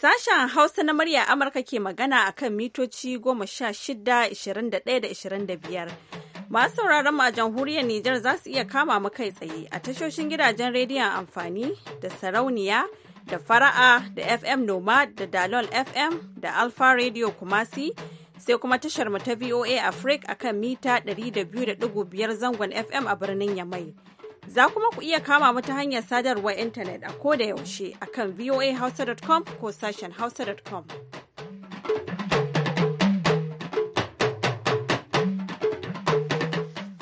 Sashen Hausa na murya Amurka ke magana a kan mitoci 16, 21 da biyar Masu sauraron mu a jamhuriyar Nijar za su iya kama mu kai tsaye a tashoshin gidajen rediyon amfani da sarauniya da fara'a da FM Noma da Dalol FM da Alfa Radio Kumasi sai kuma tashar mu ta VOA Africa a kan mita 200.5 zangon FM a birnin Yamai. Za kuma ku iya kama mu ta hanyar sadarwar intanet a ko da yaushe a kan voahausa.com ko sashen hausa.com.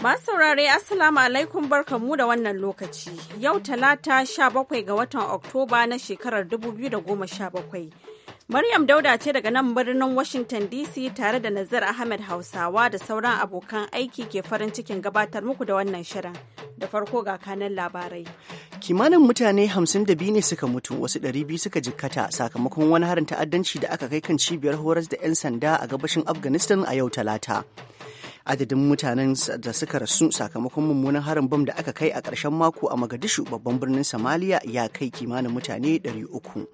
Masu saurare Assalamu alaikum barkanmu da wannan lokaci. Yau talata 17 ga watan Oktoba na shekarar 2017. Maryam Dauda ce daga nan birnin Washington DC tare da Nazir Ahmed Hausawa da sauran abokan aiki ke farin cikin gabatar muku da wannan shirin. Da farko ga kanan labarai. Kimanin mutane 52 ne suka mutu wasu 200 suka jikkata sakamakon wani harin ta'addanci da aka kai kan cibiyar horas da 'yan sanda a gabashin Afghanistan a yau talata. adadin mutanen da suka rasu sakamakon mummunan harin bom da aka kai a ƙarshen mako a magadishu babban birnin Somalia ya kai kimanin mutane 300.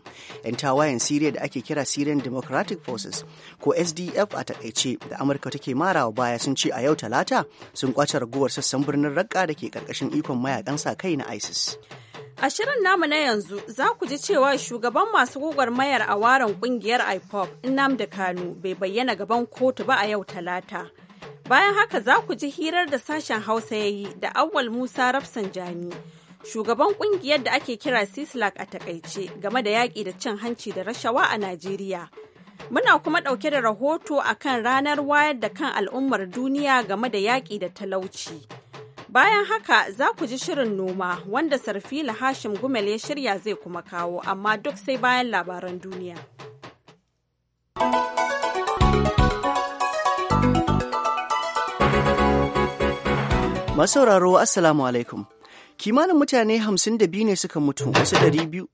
'Yan tawayen Siriya da ake kira Syrian Democratic Forces ko SDF a takaice da Amurka take marawa baya sun ce a yau talata sun kwace raguwar sassan birnin Raqqa da ke ƙarƙashin ikon mayakan sa kai na ISIS. A shirin namu na yanzu za ku ji cewa shugaban masu gwagwarmayar a waren kungiyar IPOP Nnamdi Kanu bai bayyana gaban kotu ba a yau talata. Bayan haka za ku ji hirar da sashen Hausa ya yi da Awwal Musa rafsan jami shugaban kungiyar da ake kira Sislak a takaice game da yaƙi da cin hanci da rashawa a Najeriya. Muna kuma ɗauke da rahoto a kan ranar wayar da kan al'ummar duniya game da yaƙi da talauci. Bayan haka za ku ji shirin noma wanda Sarfila Hashim Gumel ya shirya zai kuma kawo, amma duk sai bayan labaran duniya. Masu sauraro Assalamu alaikum. Kimanin mutane hamsin da biyu ne suka mutu wasu ɗari biyu.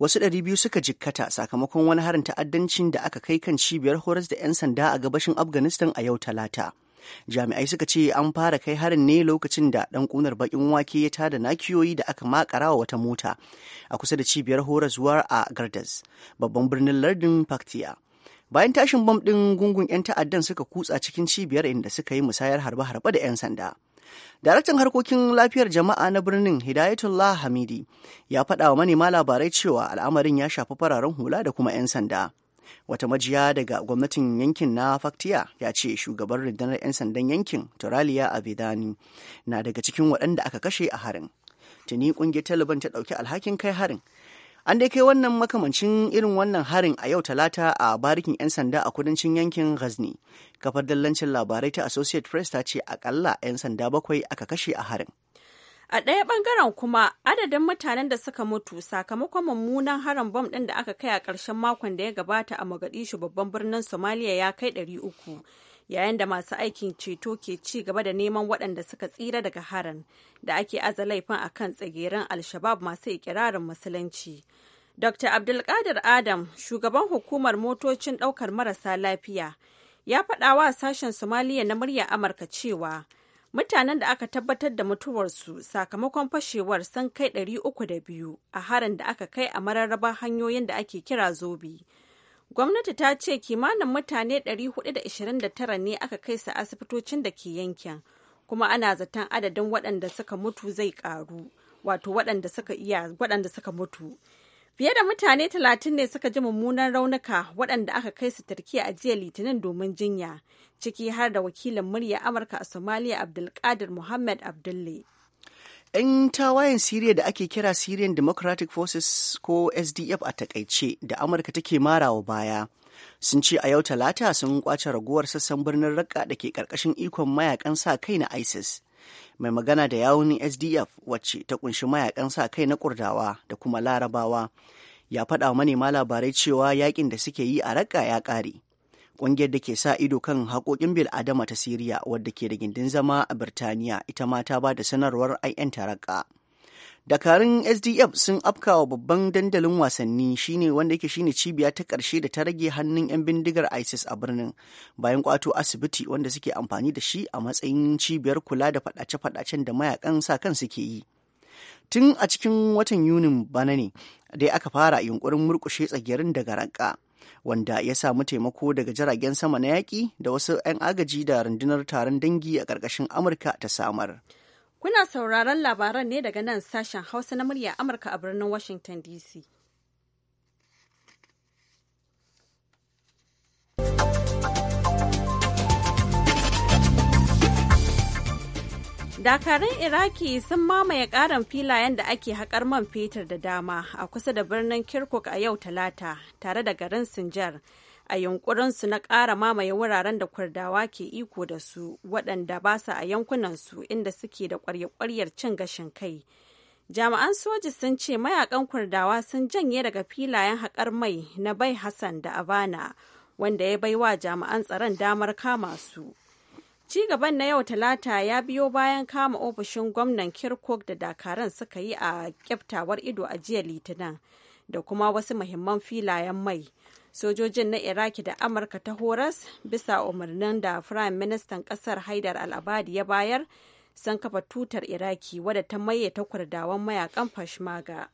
Wasu ɗari suka jikkata sakamakon wani harin ta'addancin da aka kai kan cibiyar horas da 'yan sanda a gabashin Afghanistan a yau Talata. Jami'ai suka ce an fara kai harin ne lokacin da ɗan kunar bakin wake ya tada nakiyoyi da aka makara wa wata mota a kusa da cibiyar horaswar a Gardas, babban birnin lardin Paktiya. bayan tashin bam ɗin gungun 'yan ta'addan suka kutsa cikin cibiyar inda suka yi musayar harbe-harbe da 'yan sanda Daraktan harkokin lafiyar jama'a na birnin Hidayatullah Hamidi ya faɗa wa manema labarai cewa al'amarin ya shafi fararen hula da kuma 'yan sanda. Wata majiya daga gwamnatin yankin na Faktiya ya ce shugaban rundunar 'yan sandan yankin Turaliya Bidani na daga cikin waɗanda aka kashe a harin. Tuni ƙungiyar Taliban ta ɗauki alhakin kai harin An dai kai wannan makamancin irin wannan harin a yau talata a barikin 'yan sanda a kudancin yankin Ghazni. Kafar dallancin labarai ta Associate Press ta ce akalla 'yan sanda bakwai aka kashe a harin. A ɗaya ɓangaren kuma adadin mutanen da suka mutu sakamakon mummunan harin bom ɗin da aka kai a ƙarshen makon da ya gabata a Mogadishu babban birnin Somalia ya kai ɗari uku. yayin da masu aikin ceto ke ci gaba da neman waɗanda suka tsira daga harin da ake aza laifin a kan tsageren alshabab masu ikirarin musulunci dr abdulkadir adam shugaban hukumar motocin ɗaukar marasa lafiya ya faɗa wa sashen somaliya na muryar amurka cewa mutanen da aka tabbatar da mutuwarsu sakamakon fashewar sun kai 302 a harin da aka kai a mararraba hanyoyin da ake kira zobe. Gwamnati ta ce kimanin mutane 429 ne aka kai su asibitocin da ke yankin, kuma ana zaton adadin waɗanda suka mutu zai ƙaru, wato waɗanda suka mutu. Fiye da mutane 30 ne suka ji mummunan raunuka waɗanda aka kai su tarki a jiya Litinin domin jinya, ciki har da wakilin murya Amurka a Somalia Abdulkadir Muhammad Abdullahi. 'yan tawayen Siriya da ake kira Syrian Democratic Forces ko SDF a takaice da Amurka take marawa baya. Sun ce a yau talata sun kwace raguwar sassan birnin Raqqa da ke karkashin ikon mayakan sa kai na ISIS. Mai magana da yawun SDF wacce ta kunshi mayakan sa kai na Kurdawa da kuma Larabawa. Ya faɗa manema labarai cewa yakin da suke yi a Raqqa ya ƙare. Ƙungiyar da ke sa ido kan haƙoƙin bil Adama ta Siriya wadda ke da gindin zama a Birtaniya ita ma ta ba da sanarwar IN taraka. Dakarun SDF sun afkawa babban dandalin wasanni shine wanda yake shine cibiya ta ƙarshe da ta rage hannun 'yan bindigar ISIS a birnin bayan kwato asibiti wanda suke amfani da shi a matsayin cibiyar kula da faɗace-faɗacen da mayakan sa kan suke yi. Tun a cikin watan Yunin bana ne dai aka fara yunkurin murkushe tsagerin daga ranka. wanda ya samu taimako daga jiragen sama na yaƙi da wasu 'yan agaji da rundunar taron dangi a ƙarƙashin amurka ta samar kuna sauraron labaran ne daga nan sashen hausa na murya amurka a birnin washington dc dakarun iraki sun mamaye karin filayen da ake haƙar man fetur da dama a kusa da birnin kirkuk a yau talata tare da garin sinjar a yunkurinsu na ƙara mamaye wuraren da kurdawa ke iko da su waɗanda ba su a yankunan su inda suke da ƙwarya-ƙwaryar cin gashin kai jami'an soji sun ce mayakan kurdawa sun janye daga filayen haƙar mai na bai hassan da abana wanda ya bai wa jami'an tsaron damar kama su Ci gaban na yau Talata ya biyo bayan kama ofishin gwamnan Kirkuk da dakaran suka yi a kyaftawar ido a jiya Litinin da kuma wasu muhimman filayen mai. Sojojin na Iraki da Amurka ta horas bisa umarnin da Firayim Ministan kasar Haidar Al'abadi ya bayar sun kafa tutar Iraki wadda ta maye ta kurdawan mayakan Fashmaga.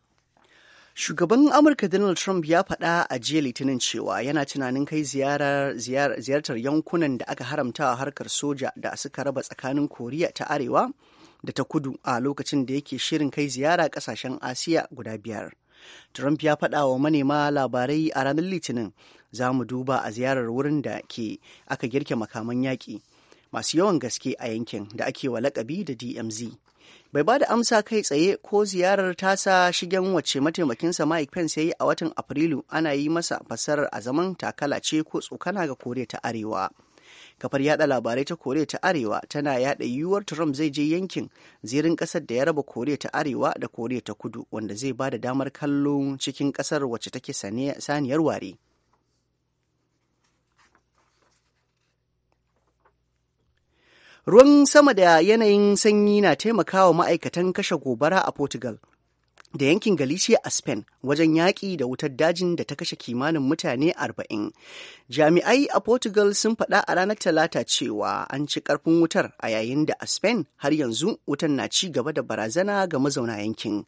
Shugaban Amurka Donald Trump ya faɗa a jiya Litinin cewa yana tunanin kai ziyartar yankunan da aka haramta harkar soja da suka raba tsakanin Koriya ta Arewa da ta kudu a lokacin da yake shirin kai ziyara ƙasashen Asiya guda biyar. Trump ya faɗa wa manema labarai a ranar Litinin za mu duba a ziyarar wurin da ke aka girke makaman yaƙi masu yawan gaske a yankin da ake wa lakabi da DMZ. bai ba da amsa kai tsaye ko ziyarar tasa shigen wacce mataimakinsa Mike Pence ya yi a watan Afrilu ana yi masa fasarar a zaman takala ce ko tsokana ga kore ta Arewa. Kafar yada labarai ta kore ta Arewa tana yada yiwuwar Trump zai je yankin zirin kasar da ya raba Koriya ta Arewa da kore ta Kudu wanda zai ba da damar kallon cikin kasar wacce take saniyar ware. Ruwan sama da yanayin sanyi na taimakawa ma'aikatan kashe gobara a Portugal da yankin Galicia a Spain wajen yaƙi da wutar dajin da ta kashe kimanin mutane arba'in, Jami'ai a Portugal sun faɗa a ranar Talata cewa an ci ƙarfin wutar a yayin da a Spain har yanzu wutar na ci gaba da barazana ga mazauna yankin.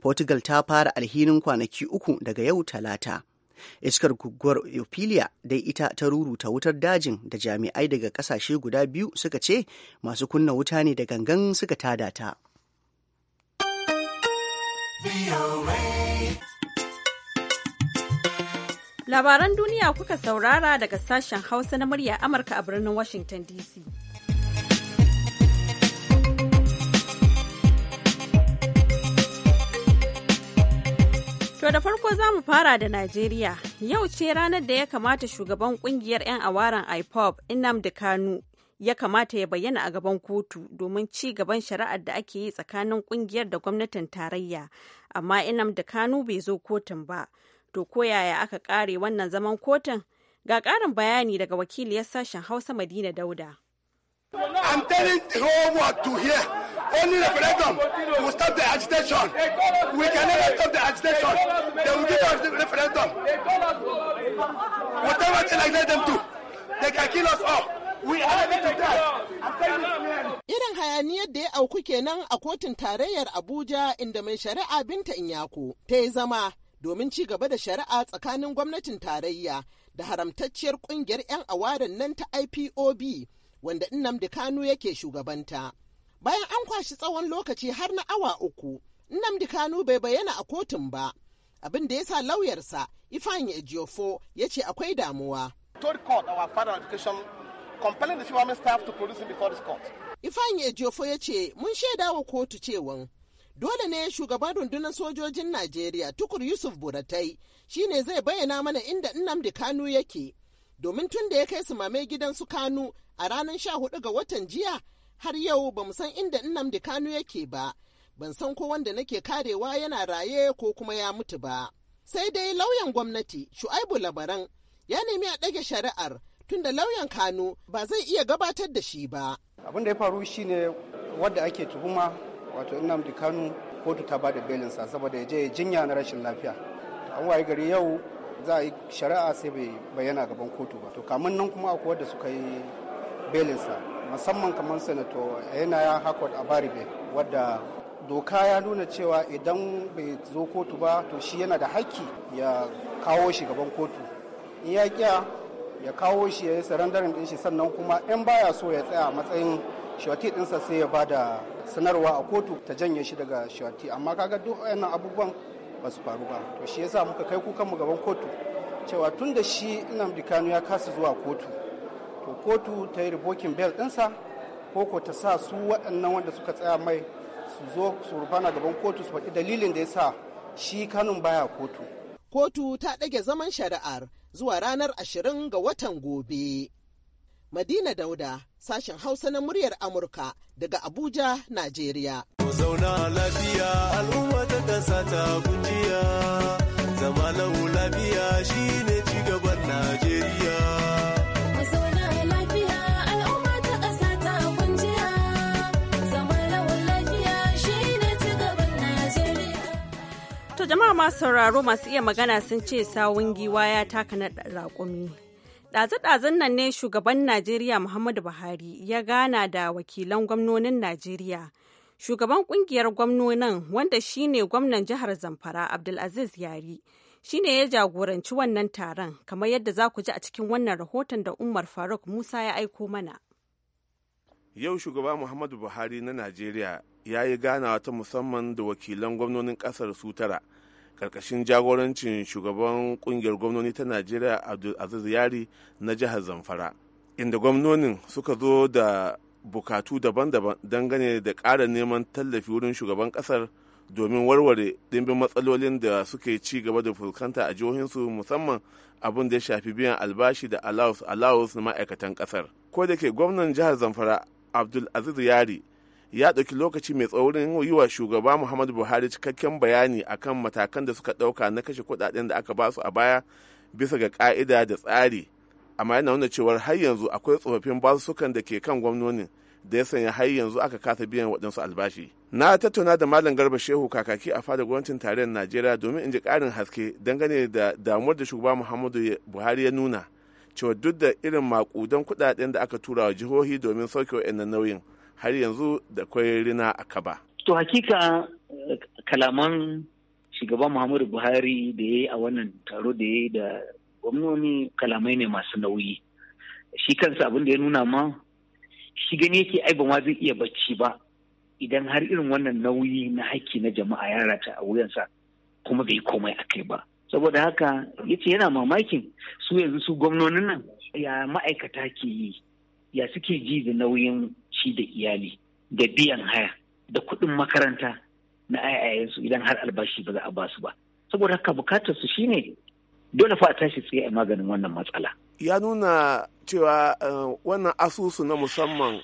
Portugal ta fara alhinin kwanaki uku daga yau Talata. iskar guguwar ophelia dai ita ta ruruta wutar dajin da jami'ai daga kasashe guda biyu suka ce masu kunna wuta ne da gangan suka tada ta labaran duniya kuka saurara daga sashen hausa na murya amurka a birnin washington dc To da farko za mu fara da Najeriya. Yau ce ranar da ya kamata shugaban kungiyar 'yan awaran ipop Nnamdi Kanu ya kamata ya bayyana a gaban kotu domin ci gaban shari'ar da ake yi tsakanin kungiyar da gwamnatin tarayya. Amma Nnamdi Kanu bai zo kotun ba. To ko yaya aka kare wannan zaman kotun? Ga ƙarin bayani daga wakiliyar sashen Hausa Madina Dauda. I'm telling the whole world to hear. Only referendum will stop the agitation. We can never stop the agitation. They will give us the referendum. Whatever they like, let them do. They can kill us all. We are ready to die. Irin hayaniyar da ya auku kenan a kotun tarayyar Abuja inda mai shari'a Binta Inyako ta yi zama domin ci gaba da shari'a tsakanin gwamnatin tarayya da haramtacciyar kungiyar 'yan awarin nan ta IPOB wanda Nnamdi Kanu yake shugabanta. Bayan an kwashi tsawon lokaci har na awa uku, Nnamdi Kanu bai bayyana a kotun ba. Abin da ya sa lauyarsa Ifeanyi Ejiofo ya ce akwai damuwa. Told Ejiofo ya ce mun shaida wa kotu cewan dole ne shugaban rundunar sojojin Najeriya Tukur Yusuf Buratai shine zai bayyana mana inda Nnamdi Kanu yake domin tun da ya kai su mame gidan su Kanu a ranar 14 ga watan jiya har yau ba mu san inda Nnamdi Kanu yake ba, ban san ko wanda nake karewa yana raye ko kuma ya mutu ba. Sai dai lauyan gwamnati Shu'aibu Labaran ya nemi a ɗage shari'ar tunda lauyan Kanu ba zai iya gabatar da shi ba. Abin da ya faru shi ne wadda ake tuhuma wato namdi Kanu kotu ta bada da belinsa saboda ya je jinya na rashin lafiya. An waye gari yau za a yi shari'a sai bai bayyana gaban kotu ba. To kamun nan kuma akwai wadda suka yi belinsa. musamman kamar sanato yana ya hakot a baribe wadda doka ya nuna cewa idan bai zo kotu ba to shi yana da haƙƙi ya kawo shi gaban kotu in ya kiya ya kawo shi ya yi sarandarin ɗin shi sannan kuma in baya so ya tsaya matsayin shawarti ɗinsa sai ya ba da sanarwa a kotu ta janye shi daga shawarti amma kaga duk wayannan abubuwan ba su faru ba to shi yasa muka kai kukanmu gaban kotu cewa tun da shi inam Kano ya kasa zuwa kotu ko kotu ta yi ribokin bel ɗinsa ko ko ta sa su waɗannan wanda suka tsaya mai su zo su rufana gaban kotu su faɗi dalilin da ya sa shi kanun baya kotu. Kotu ta ɗage zaman shari'ar zuwa ranar ashirin ga watan gobe. Madina Dauda, sashen Hausa na muryar Amurka daga Abuja, Najeriya. zauna lafiya al'umma ta kasa ta zama lau Najeriya. jama'a masu sauraro masu iya magana sun ce sawun giwa ya taka na raƙumi. Ɗazu-ɗazun nan ne shugaban Najeriya Muhammadu Buhari ya gana da wakilan gwamnonin Najeriya. Shugaban ƙungiyar gwamnonin wanda shine gwamnan jihar Zamfara Abdulaziz Yari shine ya jagoranci wannan taron kamar yadda za ku ji a cikin wannan rahoton da Umar Faruk Musa ya aiko mana. yau shugaba muhammadu buhari na najeriya ya yi ganawa ta musamman da wakilan gwamnonin ƙasar sutara. karkashin jagorancin shugaban kungiyar gwamnoni ta najeriya abdulaziz yari na jihar zamfara inda gwamnonin suka zo da bukatu daban-daban dangane da ƙara neman tallafi wurin shugaban ƙasar domin warware dimbin matsalolin da suke ci gaba da fuskanta a jihohinsu musamman abin da ya shafi biyan albashi da allowance allowance na ma'aikatan ƙasar ko da ke gwamnan jihar zamfara abdul aziz yari ya ɗauki lokaci mai tsaurin yi wa shugaba muhammadu buhari cikakken bayani akan matakan da suka ɗauka na kashe kuɗaɗen da aka basu a baya bisa ga ƙa'ida da tsari amma yana nuna cewar har yanzu akwai tsofaffin sukan da ke kan gwamnonin da ya sanya har yanzu aka kasa biyan waɗansu albashi na tattauna da malam garba shehu kakaki a fadar gwamnatin tarayyar najeriya domin in ji ƙarin haske dangane da damuwar da shugaba muhammadu buhari ya nuna cewa duk da irin makudan kuɗaɗen da aka tura wa jihohi domin sauke wa'annan nauyin har yanzu da kwai rina a kaba. To hakika eh, kalaman shugaban Muhammadu Buhari da ya yi a wannan taro da ya yi da gwamnoni kalamai ne masu nauyi. Shi kansa abin da ya nuna ma shi gani yake ai ba zai iya bacci ba idan har irin wannan nauyi na haƙƙi na jama'a ya rata a wuyansa kuma bai komai a kai ba. Saboda haka yace yana mamakin su yanzu su gwamnonin nan ya ma'aikata ke yi ya suke ji da nauyin ci da iyali da biyan haya da kuɗin makaranta na ayayensu idan har albashi ba za a basu ba saboda haka bukatar su shine dole fa a tashi tsaye a maganin wannan matsala ya nuna cewa eh, wannan asusu na musamman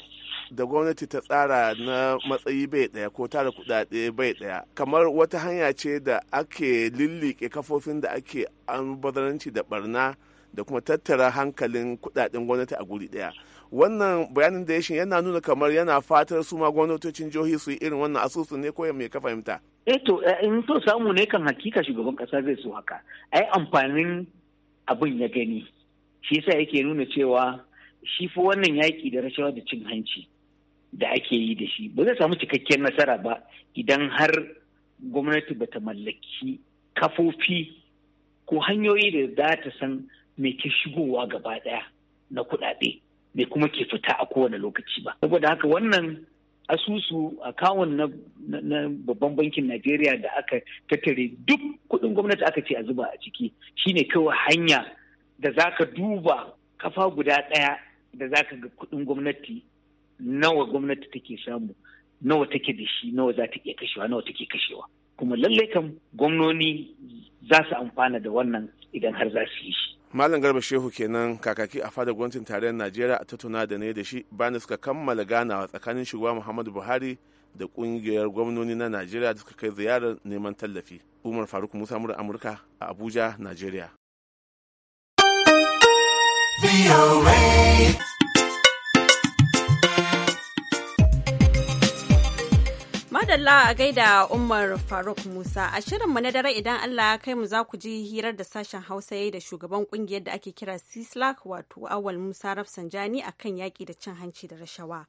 da gwamnati ta tsara na matsayi bai daya ko tara kudade bai daya kamar wata hanya ce da ake lillike kafofin da ake albazaranci da barna da kuma tattara hankalin kudaden gwamnati a guri daya wannan bayanin da ya shin yana nuna kamar yana fatar su ma gwamnatocin jihohi su yi irin wannan asusu ne ko mai ka fahimta eh to eh, in so samu ne kan hakika shugaban kasa zai so haka ai amfanin abin ya gani shi yasa yake nuna cewa shi fa wannan yaki da rashawa da cin hanci da ake yi da shi ba zai samu cikakken nasara ba idan har gwamnati bata mallaki kafofi ko hanyoyi da za ta san me ke shigowa gaba daya na kuɗa bai kuma ke fita a kowane lokaci ba saboda haka wannan asusu akawun na, na babban bankin najeriya da aka tattare duk kudin gwamnati aka ce a zuba a ciki shine kawai hanya da za ka duba kafa guda ɗaya da za ka ga kudin gwamnati nawa gwamnati take samu nawa take da shi nawa za ta iya kashewa nawa take kashewa kuma lallai kam gwamnoni za su amfana da wannan idan har za su yi shi malam garba shehu kenan kakaki a fadar gwamnatin tarayyar najeriya a tattauna da ne da shi bayan suka kammala ganawa tsakanin shugaba muhammadu buhari da kungiyar gwamnoni na najeriya da suka kai ziyarar neman tallafi umar faruk musa mura amurka a abuja najeriya Madalla a gaida Umar Faruk Musa a shirin shirinmu na dare idan Allah ya kai mu za ku ji hirar da sashen Hausa yayi da shugaban kungiyar da ake kira CISLAC wato Awal Musa Rafsanjani akan yaki da cin hanci da rashawa.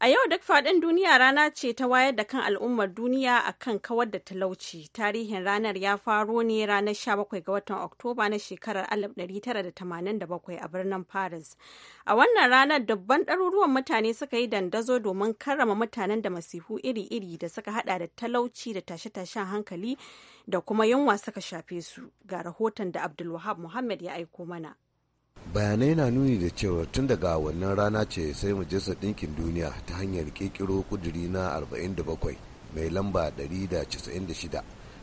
A yau duk faɗin duniya rana ce ta wayar da kan al'ummar duniya a kan kawar da talauci. Tarihin ranar ya faro ne ranar 17 ga watan Oktoba na shekarar 1987 a birnin Paris. A wannan ranar dubban ɗaruruwan mutane suka yi dandazo domin karrama mutanen da masifu iri-iri da suka hada da talauci da tashe-tashen hankali da kuma yunwa suka shafe su. Ga rahoton da Abdulwahab Muhammad ya aiko mana. bayanai na nuni da cewa tun daga wannan rana ce sai majalisar ɗinkin duniya ta hanyar ƙirƙiro kuduri na 47 mai lamba 196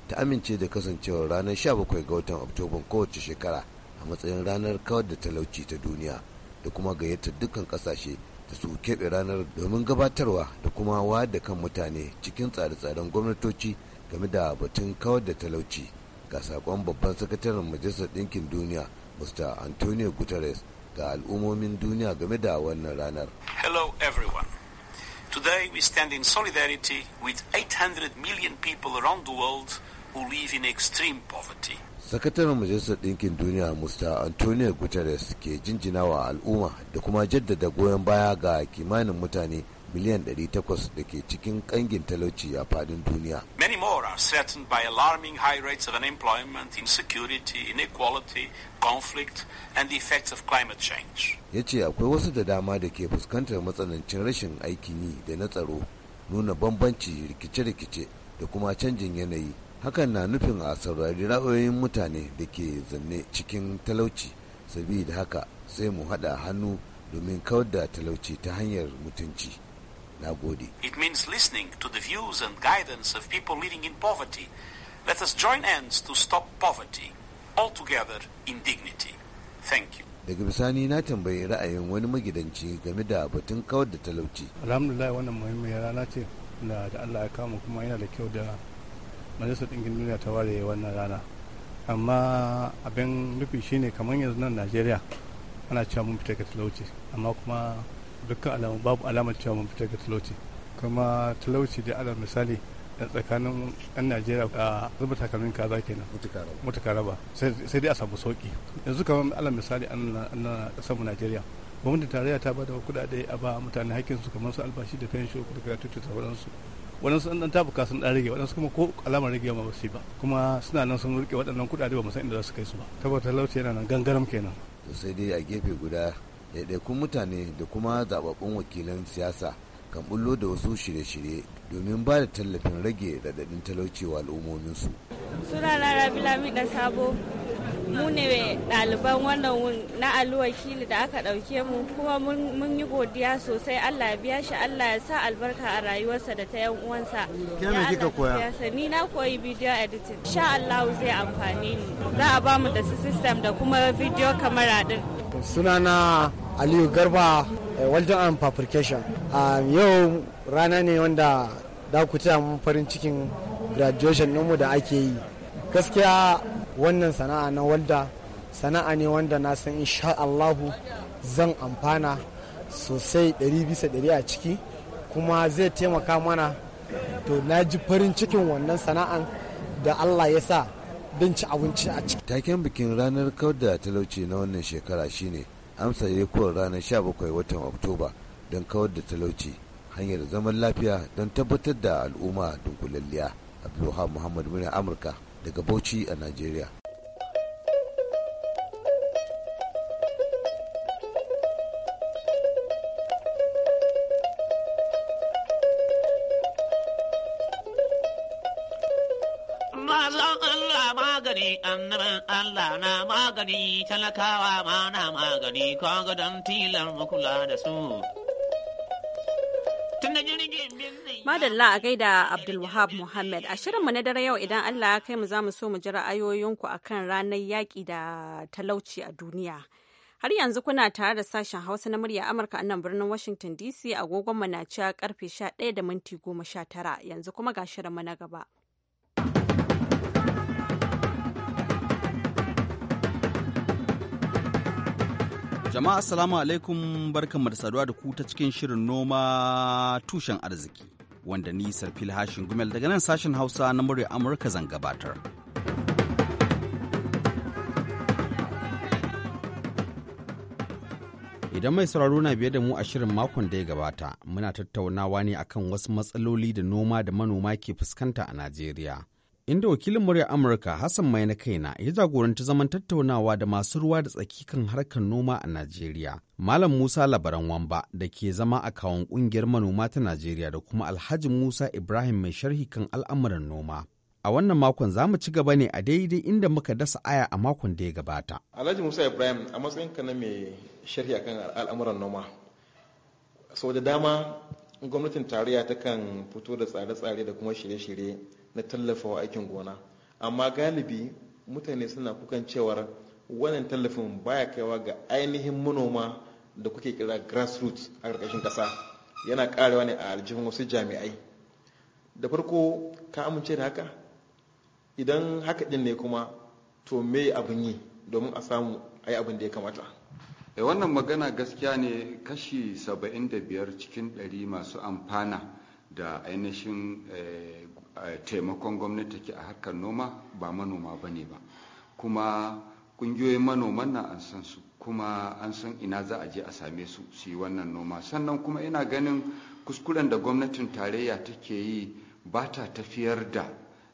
ta amince da kasancewar ranar 17 ga watan oktoban kowace shekara a matsayin ranar kawar da talauci ta duniya da kuma gayyata dukkan kasashe da su keɓe ranar domin gabatarwa da kuma wa da kan mutane cikin tsare-tsaren gwamnatoci game da batun kawar da talauci ga sakon babban sakataren majalisar ɗinkin duniya Mr. Antonio Guterres ga al'ummomin duniya game da wannan ranar. Hello everyone. Today we stand in solidarity with 800 million people around the world who live in extreme poverty. sakataren majalisar ɗinkin duniya mr antonio guterres ke jinjinawa al'umma da kuma jaddada goyon baya ga kimanin mutane miliyan 800 da ke cikin kangin talauci a fadin duniya. Many more are threatened by alarming high rates of unemployment, insecurity, inequality, conflict and the effects of climate change. Ya ce akwai wasu da dama da ke fuskantar matsanancin rashin aikin yi da na tsaro, nuna bambanci rikice-rikice da kuma canjin yanayi. Hakan na nufin a saurari ra'ayoyin mutane da ke zanne cikin talauci, sabida haka sai mu haɗa hannu domin kawar da talauci ta hanyar mutunci. Na gode. It means listening to the views and guidance of people living in poverty. Let us join hands to stop poverty altogether in dignity. Thank you. daga bisani na tambayi ra'ayin wani magidanci game da batun kawar da talauci alhamdulillah wannan muhimmiyar rana ce da allah ya kama kuma yana da kyau da majalisar ɗinkin duniya ta ware wannan rana amma abin nufi shine kamar yanzu nan najeriya ana cewa mun fita ga talauci amma kuma dukkan alamu babu alamar cewa mun fitar ga talauci kuma talauci da alal misali a tsakanin yan najeriya a zuba takalmin kaza kenan mutuka raba sai dai a samu sauki yanzu kamar alal misali an na samu najeriya gwamnatin tarayya ta bada kudade a ba mutane hakkin su kamar su albashi da fensho da gratuity da waɗansu waɗansu an ta buka sun ɗan rage waɗansu kuma ko alamar rage ma ba su ba kuma suna nan sun rike waɗannan kudade ba mu san inda za su kai su ba tabbata talauci yana nan gangaram kenan to sai dai a gefe guda ɗaiɗaikun mutane da kuma zababbun wakilan siyasa kan bullo da wasu shirye-shirye domin ba da tallafin rage raɗaɗin talaucewa al'ummominsu. Rabi Lami da sabo mu ne ɗaliban wannan na alwakili da aka ɗauke mu kuma mun yi godiya sosai allah ya biya shi allah ya sa albarka a rayuwarsa da ta yan uwansa ya koya ni na koyi video editing sha allahu zai amfani ni za a ba mu da su system da kuma video camera din suna na. aliyu garba eh, welding and fabrication um, yau rana ne wanda da ku mun farin cikin graduation namu da ake yi gaskiya wannan sana'a na walda sana'a ne wanda na san insha allahu zan amfana sosai 100% a ciki kuma zai taimaka mana to na ji farin cikin wannan sana'an da allah ya sa dinci ci abinci a ciki taken bikin ranar kauda talauci na wannan shekara shine an yi kuwar ranar 17 watan oktoba don kawar da talauci hanyar zaman lafiya don tabbatar da al'umma dunkulalliya abdulhamid muhammad muna amurka daga bauchi a najeriya magani annabin Allah na magani talakawa ma na gari ga dan tilan makula da su. Madalla a gaida Abdulwahab Muhammad a shirinmu na dare yau idan Allah ya kai mu za mu so mu ji ra'ayoyinku kan ranar yaƙi da talauci a duniya. Har yanzu kuna tare da sashen Hausa na murya Amurka a nan birnin Washington DC agogon mu na cewa karfe 11 da minti 19 yanzu kuma ga shirinmu na gaba. Jama'a assalamu alaikum barkanmu da saduwa da ku ta cikin shirin noma tushen arziki wanda ni Sarfil Hashin Gumel daga nan sashen Hausa na murya Amurka zan gabatar. Idan mai sauraro na biye da mu a shirin makon da ya gabata, muna tattaunawa ne akan wasu matsaloli da noma da manoma ke fuskanta a Najeriya. inda wakilin murya Amurka Hassan Mai na kaina ya jagoranci zaman tattaunawa da masu ruwa da tsaki kan harkar noma a Najeriya. Malam Musa Labaran Wamba da ke zama a kawon kungiyar manoma ta Najeriya da kuma Alhaji Musa Ibrahim mai sharhi kan al'amuran noma. A wannan makon za mu ci gaba ne a daidai inda muka dasa aya a makon da ya gabata. Alhaji Musa Ibrahim a matsayinka na mai sharhi akan al'amuran noma. Sau da dama gwamnatin tarayya kan fito da tsare-tsare da kuma shirye-shirye na tallafawa aikin gona amma galibi mutane suna kukan cewar wannan tallafin baya kaiwa ga ainihin manoma da kuke kira grassroots a ƙarƙashin ƙasa yana karewa ne a aljihun wasu jami'ai da farko ka amince da haka idan haka ɗin ne kuma to me abin yi domin a samu ai abin da ya kamata Eh, wannan magana gaskiya ne kashi 75 cikin 100 masu amfana da ainihin eh, eh, taimakon gwamnati ke a harkar noma ba manoma ba ne ba kuma kungiyoyin manoman na an san su kuma an san ina za a je a same su su yi wannan noma sannan kuma ina ganin kuskuren da gwamnatin tarayya take yi ba ta tafiyar da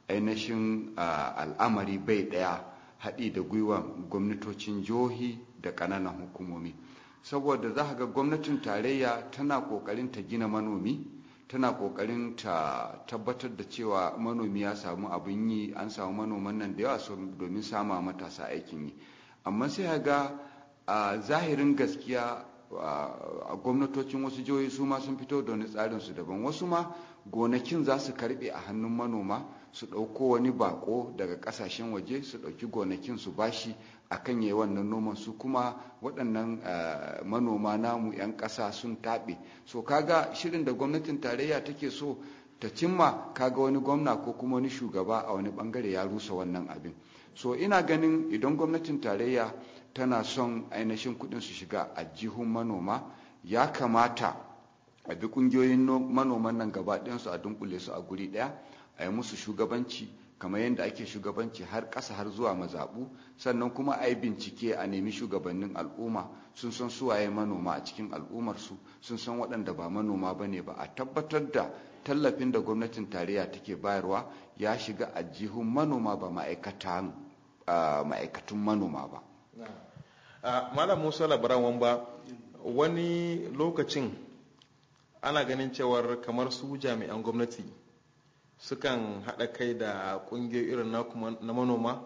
ainihin ah, al'amari bai daya haɗi da gwiwa gwamnatocin jihohi da ƙananan hukumomi saboda za ga gwamnatin tarayya tana ƙoƙarin ta gina manomi tana ƙoƙarin ta tabbatar da cewa manomi ya samu abin yi an samu manoman nan da yawa domin sama matasa aikin yi amma sai ya ga a zahirin gaskiya a gwamnatocin wasu jihohi su ma sun fito da wani tsarin su daban wasu ma gonakin za su karbe a hannun manoma su ɗauko wani bako daga ƙasashen waje su ɗauki gonakin su bashi akan yayi wannan noman su kuma waɗannan eh, manoma namu 'yan ƙasa sun taɓe so kaga shirin da gwamnatin tarayya take so ta cimma kaga wani gwamna ko kuma wani shugaba a wani bangare ya rusa wannan abin so ina ganin idan gwamnatin tarayya tana son ainihin kuɗin su shiga a jihun manoma ya kamata a bi ƙungiyoyin manoman nan gaba ɗayansu a dunkule su a guri ɗaya a yi musu shugabanci kamar yadda ake shugabanci har ƙasa har zuwa mazaɓu sannan kuma a yi bincike a nemi shugabannin al'umma sun san suwaye manoma a cikin al'ummarsu sun san waɗanda ba manoma ba ne ba a tabbatar da tallafin da gwamnatin tarayya take bayarwa ya shiga a manoma ba ma'aikatun manoma ba malam musa labaran wamba wani lokacin ana ganin cewar kamar su jami'an gwamnati sukan haɗa kai da ƙungiyoyi irin na manoma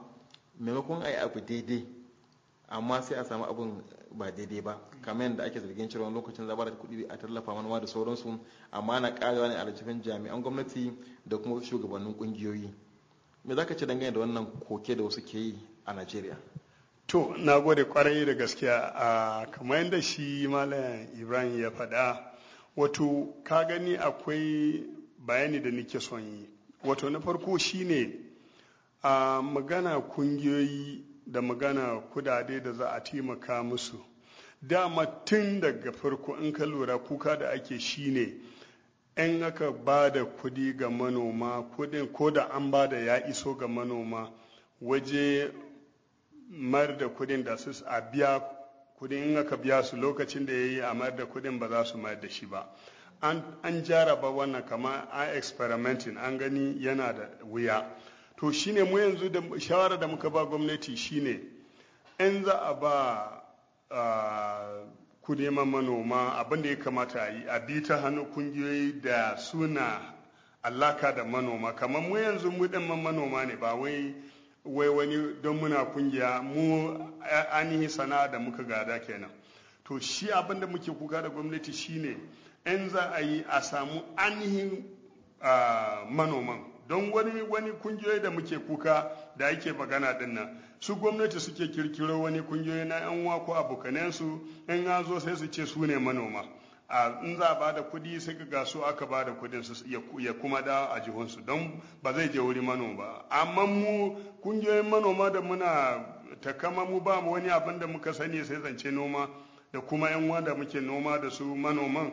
maimakon a yi abu daidai amma sai a samu abin ba daidai ba kamar yadda ake zargin cewa lokacin zabar kuɗi a tallafa manoma da sauransu amma na ƙarewa ne a rajifin jami'an gwamnati da kuma shugabannin ƙungiyoyi me za ka ce dangane da wannan koke da wasu ke yi a najeriya to na gode kwarai da gaskiya a kamar yadda shi malam ibrahim ya faɗa wato ka gani akwai bayani da nake son yi wato na farko shine a magana kungiyoyi da magana kudade da za a taimaka musu dama tun daga farko in ka lura kuka da ake shine in aka ba da kudi ga manoma kudin ko da an ba da ya iso ga manoma waje mar da kudin da su a biya kudin in aka biya su lokacin da ya yi a mar da kudin ba za su mar da shi ba an jaraba wannan kama an experimenting an gani yana da wuya to shine mu yanzu da shawara da muka ba gwamnati shine in za a ba ku neman manoma abin da ya kamata a yi a bi ta hannu kungiyoyi da suna alaka da manoma kamar mu yanzu mu manoma ne ba wai wai wani don muna kungiya mu ainihin sana'a da muka gada kenan to shi abin da muke kuka da gwamnati shine in za a yi a samu ainihin manoman don wani wani kungiyoyi da muke kuka da ake magana din nan su gwamnati suke kirkiro wani kungiyoyi na yan uwa ko abokanensu in ya zo sai su ce su ne manoma a in za a bada kuɗi sai ga su aka bada kuɗin su ya kuma da a jihunsu don ba zai je wuri manoma ba amma mu kungiyoyin manoma da muna ta kama mu ba mu wani abin da muka sani sai zance noma da kuma yan uwa da muke noma da su manoman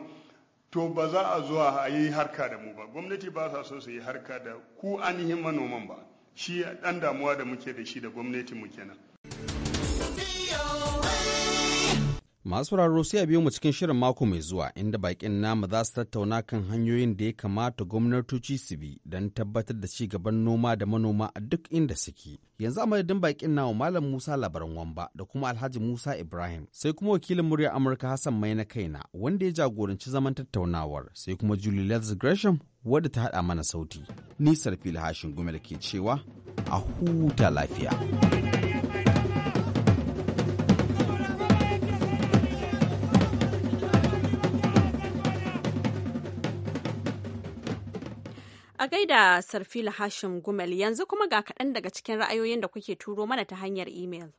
to ba za a zuwa a yi harka da mu ba gwamnati ba sa so su yi harka da ku ainihin manoman ba shi ɗan damuwa da muke da shi da gwamnati muke nan. Masu raro sai a biyo mu cikin shirin mako mai zuwa inda baƙin namu za su tattauna kan hanyoyin da ya kamata gwamnatoci su bi don tabbatar da ci gaban noma da manoma a duk inda suke. Yanzu a madadin bakin namu Malam Musa Labaran Wamba da kuma Alhaji Musa Ibrahim sai kuma wakilin murya Amurka Hassan Mai na kaina wanda ya jagoranci zaman tattaunawar sai kuma Julie Leathers Gresham wadda ta haɗa mana sauti. Ni Sarfil Hashin Gumel ke cewa a huta lafiya. A gaida Sarfila Hashim Gumel yanzu kuma ga kaɗan daga cikin ra'ayoyin da kuke turo mana ta hanyar imel.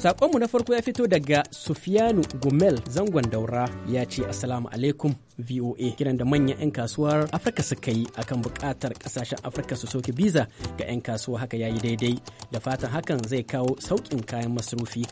saƙonmu na farko ya fito daga Sufiyanu Gumel zangon daura ya ce Assalamu alaikum VOA kiran da manyan 'yan kasuwar Afirka suka yi akan buƙatar ƙasashen Afirka su soke biza ga 'yan kasuwa haka ya yi daidai da fatan hakan zai kawo sauƙin kayan masarufi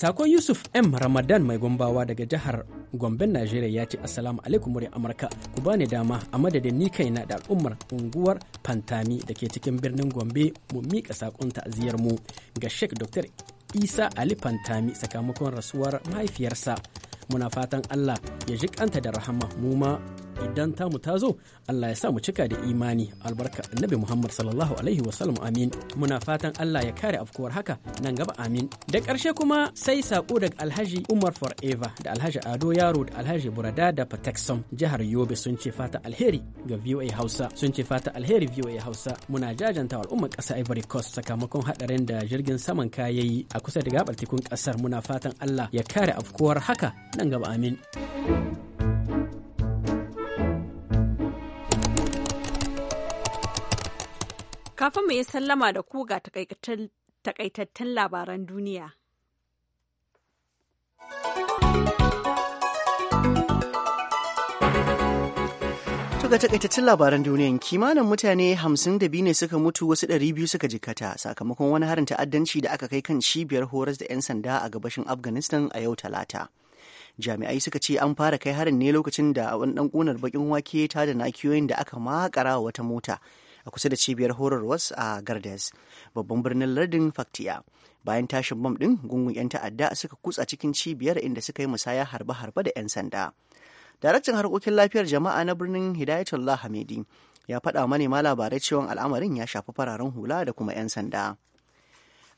Sakon Yusuf M. Ramadan mai gombawa daga jihar Gomben Najeriya ya ce Assalamu alaikum wuri Amurka ku bani dama a madadin ni kaina da al'ummar unguwar Fantami da ke cikin birnin Gombe mu miƙa sakon ta'aziyar mu ga Sheikh Dr. Isa Ali Fantami sakamakon rasuwar mahaifiyarsa. Muna fatan Allah ya jiƙanta da rahama mu ma idan tamu ta zo Allah ya sa mu cika da imani albarka annabi Muhammad sallallahu alaihi sallam, amin muna fatan Allah ya kare afkuwar haka nan gaba amin da ƙarshe kuma sai sako daga Alhaji Umar Forever da Alhaji Ado Yaro da Alhaji Burada da Patakson jihar Yobe sun ce fata alheri ga VOA Hausa sun ce fata alheri VOA Hausa muna jajanta al'ummar ƙasa Ivory Coast sakamakon hadarin da jirgin saman kayayi a kusa da gabar tekun ƙasar muna fatan Allah ya kare afkuwar haka nan gaba amin. thank you Kafin mu yi sallama da ku ga takaitattun labaran duniya. Tuga takaitaccen labaran duniyan kimanin mutane 52 ne suka mutu wasu ɗari biyu suka jikkata sakamakon wani harin ta'addanci da aka kai kan cibiyar horas da 'yan sanda a gabashin afghanistan a yau talata jami'ai suka ce an fara kai harin ne lokacin da wani dan kunar bakin wake ta da nakiyoyin da aka makara wata mota a kusa da cibiyar horarwas a Gardes, babban birnin lardin Faktiya. Bayan tashin bom ɗin, gungun 'yan ta'adda suka kutsa cikin cibiyar inda suka yi musaya harbe-harbe da 'yan sanda. Daraktan harkokin lafiyar jama'a na birnin Hidayatullah Hamidi ya faɗa manema labarai cewa al'amarin ya shafi fararen hula da kuma 'yan sanda.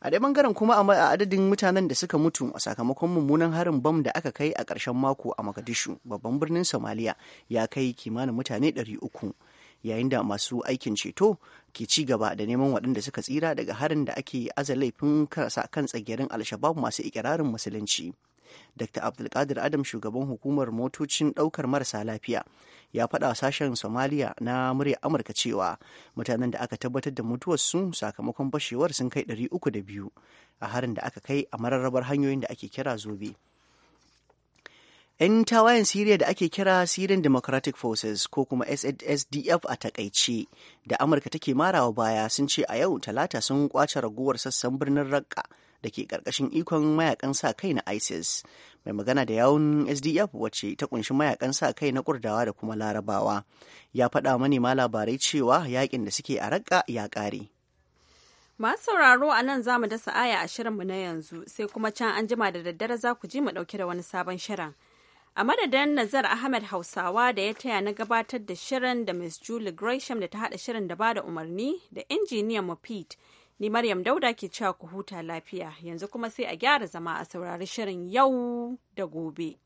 a dai bangaren kuma a adadin mutanen da suka mutu a sakamakon mummunan harin bam da aka kai a ƙarshen mako a Magadishu babban birnin Somalia ya kai kimanin mutane 300 yayin da masu aikin ceto ke ci gaba da neman waɗanda suka tsira daga harin da ake aza laifin karasa kan tsagerin alshabab masu ikirarin musulunci dr abdulkadir adam shugaban hukumar motocin ɗaukar marasa lafiya ya faɗa sashen somaliya na murya amurka cewa mutanen da aka tabbatar da mutuwarsu sakamakon bashewar sun kai 302 a harin da aka kai a mararrabar hanyoyin da ake kira zobe. 'yan tawayen siriya da ake kira syrian democratic forces ko kuma sdf a takaice da amurka take marawa baya sun ce a yau talata sun kwace raguwar sassan birnin raqqa da ke karkashin ikon mayakan sa kai na isis mai magana da yawun sdf wacce ta kunshi mayakan sa kai na kurdawa da kuma larabawa ya faɗa manema labarai cewa yakin da suke a raqqa ya ƙare Masu sauraro a nan za mu dasa aya a shirinmu na yanzu sai kuma can an jima da daddare za ku ji mu ɗauke da wani sabon shirin. a madadin nazar ahmed hausawa da ya taya na gabatar da shirin da miss julie gresham da ta haɗa shirin da bada umarni da injiniyan mu pete ni maryam dauda ke cewa ku huta lafiya yanzu kuma sai a gyara zama a saurari shirin yau da gobe